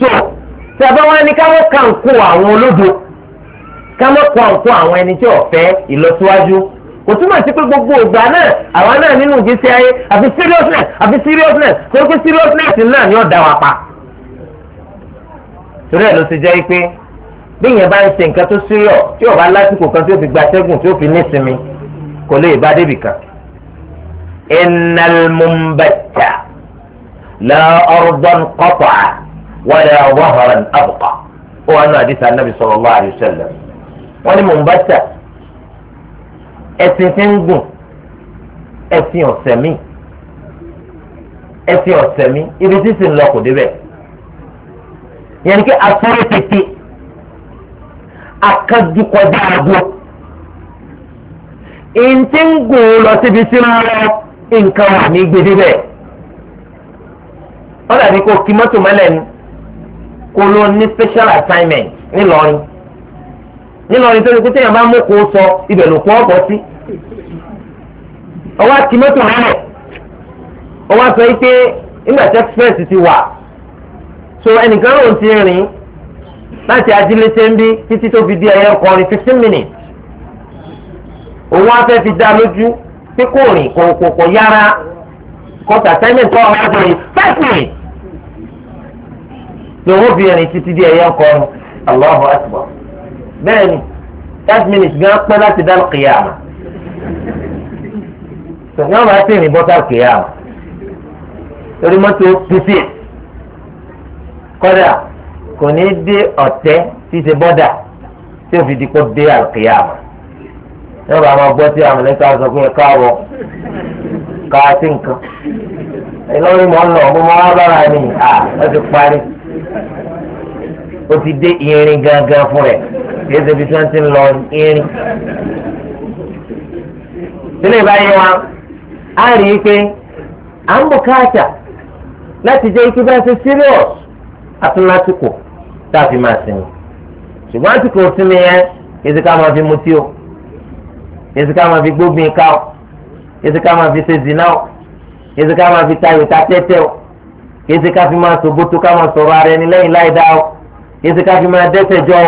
so sábà wọn ni káwọn kàn kó àwọn olódo káwọn kó àǹkó àwọn ẹni tí ọ̀fẹ́ ìlọsíwájú kò túmọ̀ sí pé gbogbo ìgbà náà àwa náà nínú ìgbésí ayé àfi seriousness àfi seriousness tó pé seriousness náà ni ó dá wa pa torí ẹ̀ ló ti jẹ́ pé bí yẹn bá ń ṣe nǹkan tó serious tí ó bá lásìkò kan tí ó fi gba atẹ́gùn tí ó fi nísinmi kò lè bá débì kan. ìnàlmùmbàjà la ardan qata'a wa la wahran abqa ó wà nínú àdìsá nàbì sallallahu alayhi wa sallam wọ́n ní mò ń bá tà ẹ̀sìn tí ń gùn ẹ̀sìn ọ̀sẹ̀ mi ẹ̀sìn ọ̀sẹ̀ mi ibi tí sì ń lọ kò débẹ̀ yẹn ni kí asọ́rọ̀ tètè akájú àgbo ìǹtí ń gùn lọ síbi tí ń lọ nǹkan wà ní gbèdébẹ̀ wọ́n dàbí kó kí mọ́tò mọ́lẹ̀ ni kó ló ní special assignment nílọrin nílọrin tó ní kó téèyàn bá mú kó sọ ibẹ̀ ló pọ̀ ọ̀pọ̀ sí ọwọ́ kí mọ́tò mọ́lẹ̀ ọwọ́ sọ pé nígbà express ti wà so ẹnìkan ló ń ti rìn láti ajílété ń bí títí tó fi di ẹyẹ ọkọrin fifteen minutes òun á fẹ́ fi dá lójú pé kò rìn kò kò yára kọ́ta assignment kọ́ ọ̀rọ̀ àgbẹ̀rẹ̀ five minutes lọ́wọ́ bí ẹni títí di ẹ̀yẹ ọkọ ọ̀run Allahu Akbar bẹ́ẹ̀ ni that minute gan pẹ́ láti dá kìyàmà yọ̀ọ́ máa ti rìn bọ́tà kìyàmà torí mọ́tò pípì kọ́dà kò ní dé ọ̀tẹ́ tí ṣe bọ́dà tí ó fi di kó dé àkìyàmà yọ̀ọ́ bá máa gbọ́ sí àmọ̀lẹ́ka sọ pé ẹ káàbọ̀ káàtì nǹkan ẹ lọ́rí mọ́ ń lọ mo máa wá bára ni à ẹ ti parí ó ti dé irin gángan fún rẹ̀ kìí ṣe ibi tí wọ́n ti ń lọ irin. sílẹ̀ báyìí wa a rí i pé à ń bùkátà láti jẹ́ ikú bá ṣe serious àti lásìkò tá a fi máa sinmi ṣùgbọ́n àsìkò sinmi yẹn èsì ká máa fi mutí o èsì ká máa fi gbógbin ká o èsì ká máa fi ṣe zina o èsì ká máa fi tayò ta o èsì ká fi máa sọ gbótó ká máa sọ̀rọ̀ ara ẹni lẹ́yìn láì dá o yíṣẹ́ ká fi máa dẹ́sẹ̀ jọ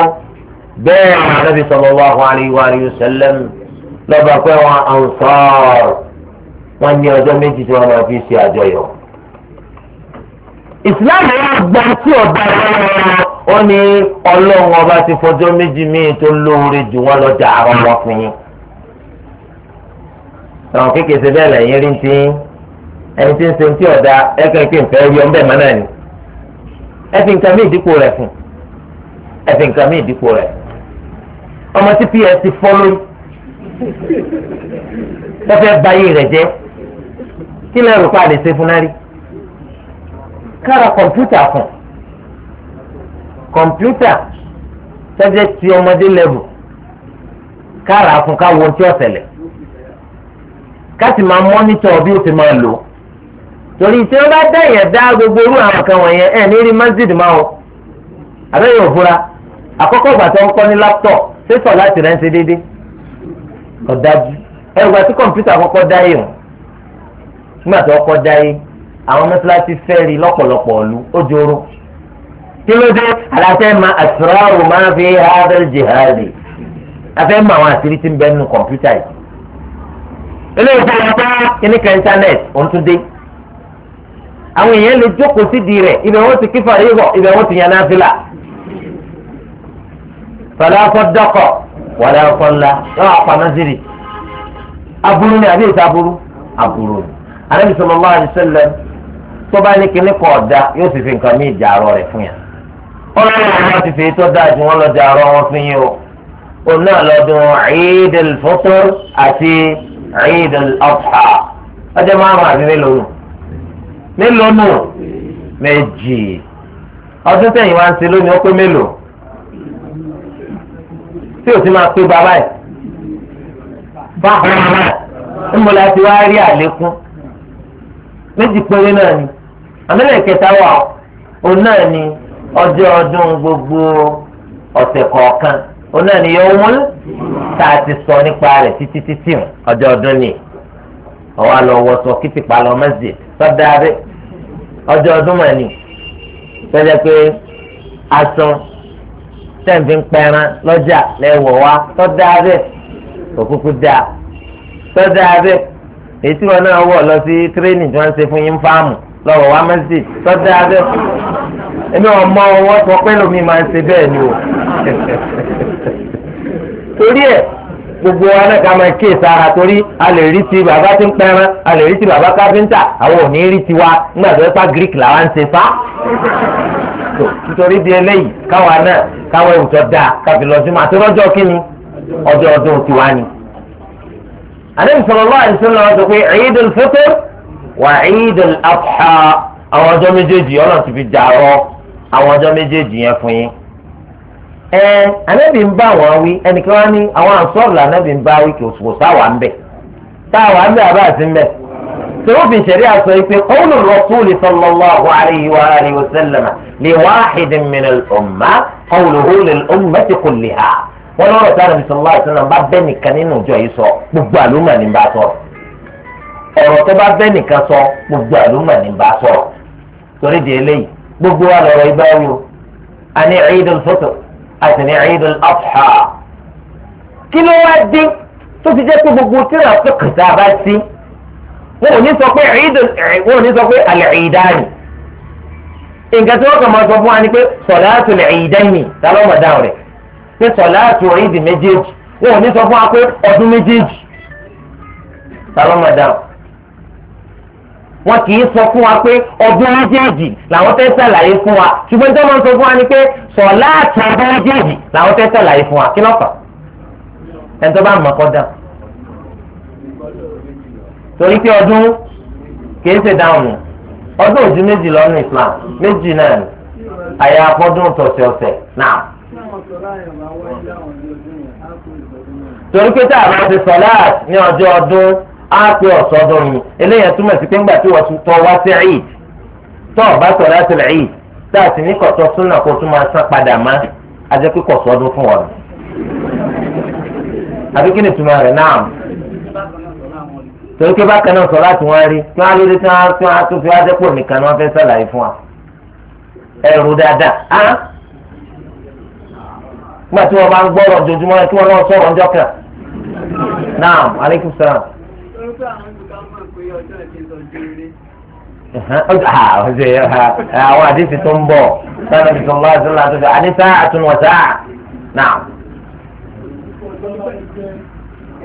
bẹ́ẹ̀ Ànábì sallallahu alaihi wa alihi wasallam lọ́ba pé wọn ansar wọn ní ọjọ́ méjì tí wọn máa fi ṣe àjọyọ̀. ìsìláàmù yóò gba tí ọba rẹ̀ ó ní ọlọ́run ọba ti fọjọ́ méjì míì tó lóore jù wọ́n lọ jà wọn fún yín. àwọn kékeré bẹ́ẹ̀ lẹ́yìn rí ti ẹni tí ń ṣe ti ọ̀dà ẹ̀kẹ́ pé nfẹ́ yọ ọ́n bẹ́ẹ̀ mọ́ náà ni. ẹ fi nǹkan mí ìdíkù rẹ̀ fún ẹ̀fẹ̀ nǹkan mi ìdípò rẹ̀ ọmọ tí ps ti fọ́ lórí wọ́n fẹ́ ba ayé rẹ̀ jẹ́ kí lè rò pa àlè ṣe fúnná rí kára kọ̀ǹpútà fún kọ̀ǹpútà tẹ́jẹ́ ti ọmọdé lẹ́bù kára fún káwo tí ó ṣẹlẹ̀ káti máa mọ́nítọ̀ bí ó ti máa lò torí tí wọ́n bá dá ìyẹn dá gbogbo orú àwọn kan wọ̀nyẹn ẹ̀ ní rí mọ́sídìí máa wọ àbẹ́yẹ̀ òfura àkọ́kọ́ ìgbà tó ń kọ́ ní laptop ṣé sọ láti rẹ̀ ń ṣe déédéé ọ̀dájú ẹgbà tí kọ̀ǹpútà kọ́kọ́ dáyé o nígbà tí ọkọ̀ dáyé àwọn mẹ́tíláṣí fẹ́ rí lọ́pọ̀lọpọ̀ ọ̀lú ó joro kí ló dé aláṣẹ ma àṣìráàrò máa fi hádẹ́rì jihadi afẹ́ mọ àwọn àṣírí tí ń bẹ nínú kọ̀ǹpútà yìí eléyìí tó yẹ pé kíníkà íńtánẹ́ẹ̀tì ó ń tún dé àwọn èèyàn lè jókòó sídìí rẹ̀ ibẹ̀ wọ́n ti kífà yíwọ̀ ibẹ̀ wọ́n ti yan náà fìlà fàlẹ́ afọ́dọ́kọ̀ wàlẹ́ afọ́nlá yóò apá naziri aburú ni àbí ètò aburú aburú ni anabi sallallahu alaihi wasallam tó bá ní kíní kọ̀ ọ̀dà yóò sì fi nǹkan mí ìjà arọ rẹ̀ fún yà ọlọ́run àwọn ti fi tó dáa ju wọn lọ jà wọn fún yín o òun náà lọ́dún Eid al-Fitr àti Eid al-Adha márùn-ún mélòó nù mélòó nù méjì ọdún tẹ̀yìn wá ń ṣe lónìí ó pé mélòó tí o ti máa pé bàbá ẹ̀ bàbá ẹ̀ ń bọ̀ láti wá rí àlékún méjì péré náà ni àmẹ́lẹ̀ kẹta wà òun náà ni ọjọ́ ọdún gbogbo ọ̀sẹ̀ kọ̀ọ̀kan òun náà ni yọ̀ọ́ mọ́lẹ́ tá a ti sọ nípa rẹ̀ títí títí ọjọ́ ọdún ni ọwọ́ àlọ́ wọ̀sọ̀ kìtìpá lọ mẹ́sì sọ́dọ̀ abẹ́ ọjọ́ ọdún mọ̀ ni sọ́jà pé asan tẹ́ǹfì ń pẹran lọ́jà lẹ́wọ̀ wá tọ́da abẹ́ òkúkú da tọ́da abẹ́ èyí tí wọn náà wọ̀ lọ sí tírénì tí wọ́n ń ṣe fún yín fáàmù lọ́wọ́ wá mẹ́sì tọ́da abẹ́ èmi wọn mọ ọwọ́ sọ pé lómi máa ń ṣe bẹ́ẹ̀ ni o torí ẹ̀ gbogbo wa náà ká máa ké sára torí a lè rí ti bàbá tí ń pẹran a lè rí ti bàbá káfíńtà àwọn ò ní rí ti wa nígbà tó ẹ pa greek làwọn ń ṣe fa nítorí di eléyìí káwa náà káwọ́ ìwùjọ dáa káfí lọ sí mọ́ àti rọ́jọ́ kínní ọjọ́ ọdún tiwa ni. àdéhùn sọ̀rọ̀ lọ́wọ́ àti sọ́nà wọn sọ pé Eidul Fitr wà Eidul Adha àwọn ọjọ́ méjèèjì ọ̀nà ti fi dàrọ àwọn ọjọ́ méjèèjì yẹn fún yín. ẹ anábì ń bá wọn wí ẹnìkan wá ní àwọn àǹsọ́ọ̀rù lànàbì ń bá wí kò sáwà ń bẹ̀ sáwà ń bẹ̀ àbá àti ń bẹ̀ sirofin shari'a sọ pé qawlu rasuli sallallahu alayhi wa alihi wa sallam li wahidin min al-umma qawluhu lil ummati kulliha wọ́n lọ́rọ̀ tí Ànábì sallallahu alaihi wasallam bá bẹ́ nìkan nínú ìjọ yìí sọ gbogbo àlùmọ̀ ní bá sọ ọ̀rọ̀ tó bá bẹ́ nìkan sọ gbogbo àlùmọ̀ ní bá sọ torí di eléyìí gbogbo wa lọ́rọ̀ ibà wù a ní Eidul Fitr àti ní Eidul Adha kí ló wá dé tó ti jẹ́ pé gbogbo tíra fún kìtà bá sí wọn ò ní sọ pé Eidul wọn ò ní sọ pé al-Eidani nǹkan tí wọ́n kàn máa sọ fún wa ni pé sọ̀láàtù ìdẹ́yìn tálọ́mọ̀ dáhùn rẹ̀ pé sọ̀láàtù ìdì méjèèjì wọn ò ní sọ fún wa pé ọdún méjèèjì tálọ́mọ̀ dáhùn wọn kì í sọ fún wa pé ọdún méjèèjì làwọn fẹ́ sàlàyé fún wa ṣùgbọ́n tí wọ́n máa sọ fún wa ni pé sọ̀láàtù ọdún méjèèjì làwọn fẹ́ sàlàyé fún wa kí lọ́fà ẹni tó bá mọ̀ kọ́ dáhùn torí pé ọdún kì í ṣe dáhùn ọdún òjì méjì lọ ní Islam méjì náà ni àyà àpọ́dún náà. torí pé tá a bá ti sọláàt ní ọjọ́ ọdún á pé ni túmọ̀ sí pé ńgbà tí wọ́n tọ́ wá sí Eid bá Eid tá a sì ní kọ̀tọ́ súnà kó tún máa padà má a jẹ́ pé kọ̀sọ́dún fún àbí kí ni torí pé bákan náà sọ láti wọn rí kí wọn á lórí tí wọn á tó fi wá dẹ́pọ̀ nìkan ni wọn fẹ́ sàlàyé fún wa ẹrù dáadáa á nígbà tí wọn bá ń gbọ́rọ̀ ojoojúmọ́ kí wọn náà sọ̀rọ̀ ọjọ́ kan naam aleykum salaam. àwọn àdìsí tó ń bọ̀ sábà bí sọ̀rọ̀ láti sọ̀rọ̀ àtúntò àdìsá àtúnwọ̀sá naam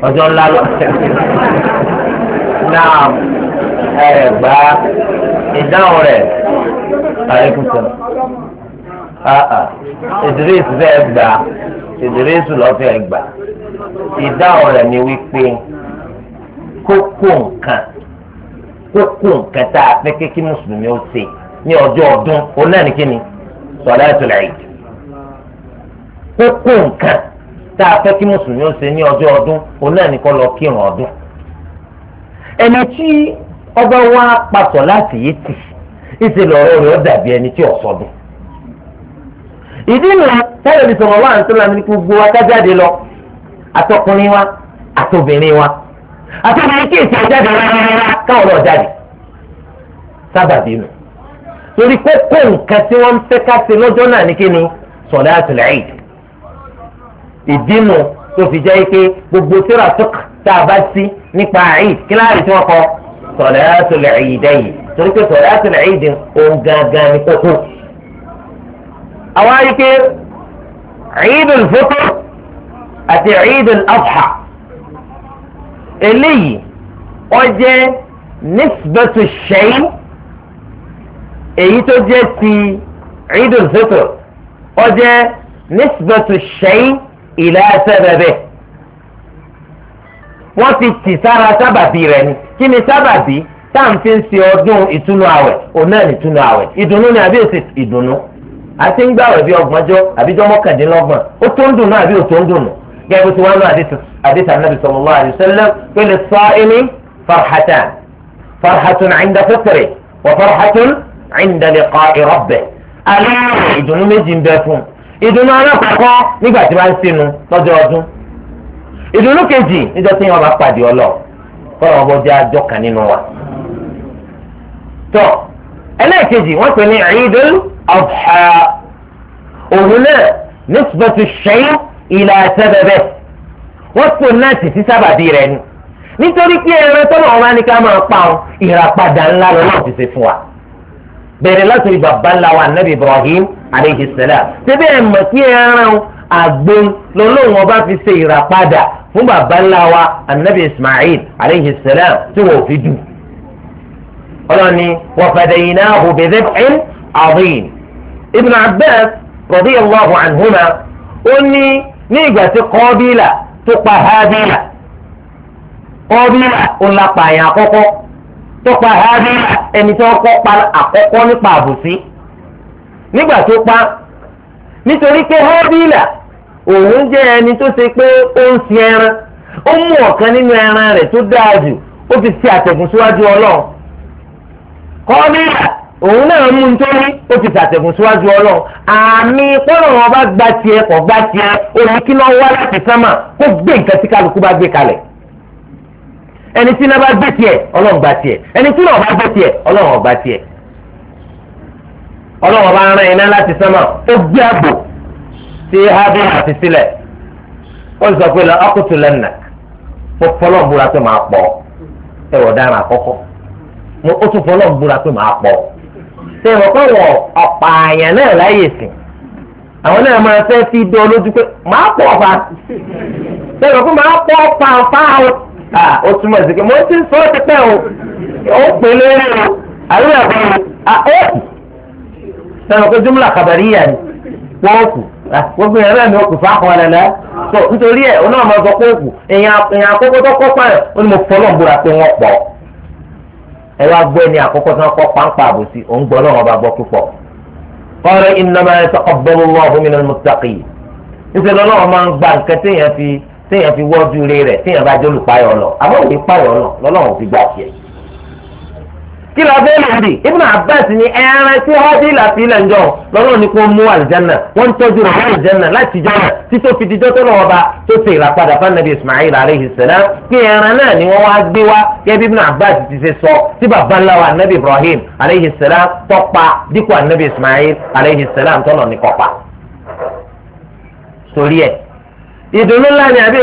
ọjọ́ ńlá lọ náà ẹ gbá ìdáhùn rẹ̀ àríkùsọ̀ ah, ah. ìdírísù fẹ́ gbà ìdírísù lọ́fẹ́ gbà ìdáhùn rẹ̀ ni wípé kókó nǹkan kókó nǹkan tá a fẹ́ kékeré mùsùlùmí ó ṣe ní ọjọ́ ọdún òun náà ní kíni sọ̀láàtù Eid kókó nǹkan tá a fẹ́ kí mùsùlùmí ó ṣe ní ọjọ́ ọdún òun náà ní kó lọ kírun ọdún. ẹni tí ọba wa pàtó láti yìí tì ìṣe lọ́rọ̀ rẹ̀ ó dàbí ẹni tí ọ̀sọ́ dùn. ìdí nìyà táyọ̀ ní sọ̀rọ̀ wà ń tó gbogbo lọ àtọkùnrin wa àtobìnrin wa àtobìnrin kì í ṣe àjáde rárá káwọn lọ jáde sábàbí nù torí gbogbo tíra tá a bá sí nípa Eid kí láàyè tí wọ́n kọ salatul Eidayn torí pé salatul Eid òun gangan ní kókó. àwọn ayíké Eidul Fitr àti Eidul Adha eléyìí wọ́n jẹ́ nisbatu èyí tó jẹ́ ti Eidul Fitr wọ́n jẹ́ nisbatu shay ila sababihi wọ́n ti tì sára sábàbí rẹ̀ ni kí ni sábàbí tá à ń fi ń ṣe ọdún ìtúnu àwẹ̀ òun náà ní ìtúnu àwẹ̀ ìdùnnú ni àbí èsì ìdùnnú àti ń gbàwẹ̀ bí ọgbọ̀njọ́ àbíjọ́ mọ́kàndínlọ́gbọ̀n ó tó ń dùnnú àbí ó tó ń dùnnú gẹ́gẹ́ bí wọ́n náà àdìsá nàbì sallallahu alaihi wasallam pé li sa'imi farhatan farhatun 'inda fitri ìdùnnú kejì níjọ́ tí wọ́n bá pàdé ọlọ́ fọlọ́ wọn bọ́ jẹ́ àjọ kan nínú wa. tọ́ ẹlẹ́ẹ̀kejì wọ́n pè ní Eidul Adha òun náà nisbatu shay'i ila sababi wọ́n pè náà títí sábàbí rẹ̀ ni nítorí pé ẹran tọ́lọ̀ wọn bá ká máa pa ọ ìràpadà ńlá lọ́wọ́ ti ṣe fún wa bẹ̀rẹ̀ láti rí bàbá ńlá wa nabi Ibrahim aleyhi salam síbẹ̀ ẹ̀ mọ̀ sí ẹran àgbọn lọ́lọ́wọ́n bá fi ṣe ìràpadà fún bàbá ńlá wa anabi ismail aleyhi salam tí wọ́n fi dù ọlọ́ni wa fadaynahu bidhibhin adhim ibn abbas radiyallahu anhuma ó ní ní ìgbà tí kọ́bílà tó pa hábílà kọ́bílà ó la pààyàn àkọ́kọ́ tó pa hábílà ẹni tó kọ́ pa àkọ́kọ́ nípa àbùsí nígbà tó pa nítorí pé hábílà. òun jẹ́ ẹni tó ṣe pé ó ń sin ẹran ó mú ọ̀kan nínú ẹran rẹ̀ tó dáa jù ó fi ṣe àtẹ̀gùn síwájú ọlọ́run kọ́mílà òun náà mú un tó ní ó fi ṣàtẹ̀gùn síwájú ọlọ́run àmì pọ́nà wọn bá gba tiẹ̀ kọ̀ gba tiẹ̀ òun kí náà wá láti sánmà kó gbé nǹkan ọba tiẹ̀ ọlọ́run ọba tí hábìlì àti sílẹ̀ ó sọ pé lọ ọkùtù lẹ́nà mo fọlọ́ búra pé màá pọ̀ ẹ wọ̀ dára àkọ́kọ́ mo ó tún fọlọ́ búra pé màá pọ̀ ṣé ìwọ kọ́ wọ ọ̀pá àyàn náà láyè sìn àwọn náà máa fẹ́ fi pé màá pọ̀ màá pọ̀ o ó túmọ̀ sí pé mo ti sọ ọ́ ti pẹ́ o ó Ah, gbogbo yẹn náà ni o kò fà kọ́ ọ̀nà náà tó nítorí ẹ̀ o náà máa sọ pé òkú èèyàn àkọ́kọ́ tó kọ́ pààyàn ó ní mo fọlọ́ ń búra pé wọ́n pọ̀ ẹ wá gbọ́ ẹni àkọ́kọ́ tó kọ́ pàǹpà àbòsí ò ń gbọ́ lọ́wọ́ bá gbọ́ púpọ̀ qala innama yataqabbalu Allahu minal muttaqin níṣẹ́ lọ́wọ́ máa ń gba nǹkan téèyàn fi fi wọ́ọ́dúnrẹ́ rẹ̀ téèyàn bá jẹ́ olùpáyọ̀ lọ àmọ́ òní páyọ̀ lọ lọ́wọ́ òfin gbà kí la fẹ́ lòdì Ibn Abbas ni ẹran tí hadi làfi lẹ́njọ́ lọ́nà ní kó mú àlìjánà wọ́n ń tọ́jú rẹ̀ àlìjánà láti jọ́nà títí ó fi dijọ́ tó lọ́wọ́ bá tó ṣe ìràpadà fún anabi Ismail aleyhi salam kí ẹran náà ni wọ́n wá gbé wá kẹ́bí Ibn Abbas ti ṣe sọ tí bàbá ńlá wa anabi Ibrahim aleyhi salam tọ́pa dípò anabi Ismail aleyhi salam tọ́nà ní kọ́pa. torí ẹ ìdùnnú ńlá ni àbí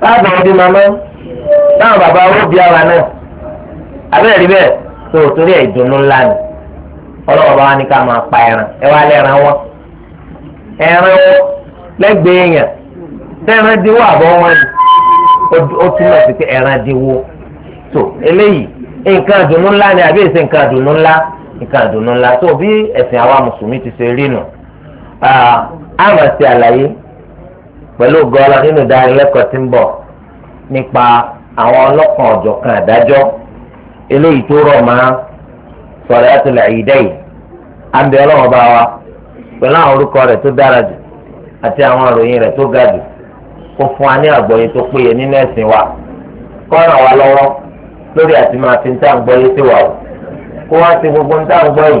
káàbọ̀ ọdún mamá táwọn bàbá owó bí ara náà abẹ́rẹ́ bẹ́ẹ̀ tó torí ẹ̀ dùnú ńlá ni ọlọ́wọ́ bá wa ní ká máa pa ẹran ẹ wá lẹ́ran wọn ẹran wọn lẹ́gbẹ̀ẹ́ èèyàn tẹ́ran dínwó àbọ̀ wọn ni ó túmọ̀ sí pé ẹran tó eléyìí nǹkan ńlá ni àbí èsì nǹkan àdùnnú ńlá nǹkan àdùnnú ńlá tó bí ẹ̀sìn àwa mùsùlùmí ti ṣe rí nù ah, àmọ̀ pẹ̀lú gọ́ọ́lá nínú ìdánilẹ́kọ̀ọ́ tí ń bọ̀ nípa àwọn ọlọ́kan ọ̀jọ̀kan àdájọ́ eléyìí tó rọ̀ mọ́ salatul Eidain àbí ọlọ́run bá wa pẹ̀lú àwọn orúkọ rẹ̀ tó dára jù àti àwọn ìròyìn rẹ̀ tó ga jù kó fún wa ní àgbọ́yé tó péye nínú ẹ̀sìn wa kó ràn wá lọ́wọ́ lórí àti máa fi ń tá àgbọ́yé sí wa o kó wá sí gbogbo ń tá àgbọ́yé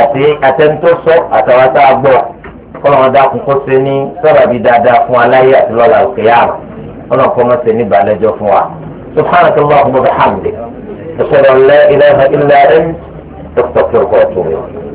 àti àtẹnitó sọ àtàwọn tá a kọ́lọ́wọ́n dákun kó ṣe ní sábàbí dáadáa fún aláyé àti lọ́la òkè yàrá kọ́lọ́wọ́n kọ́ mọ́ ṣe ní balẹ̀jọ́ fún wa. سبحانك اللهم وبحمدك أشهد أن لا إله إلا أنت أستغفرك وأتوب إليك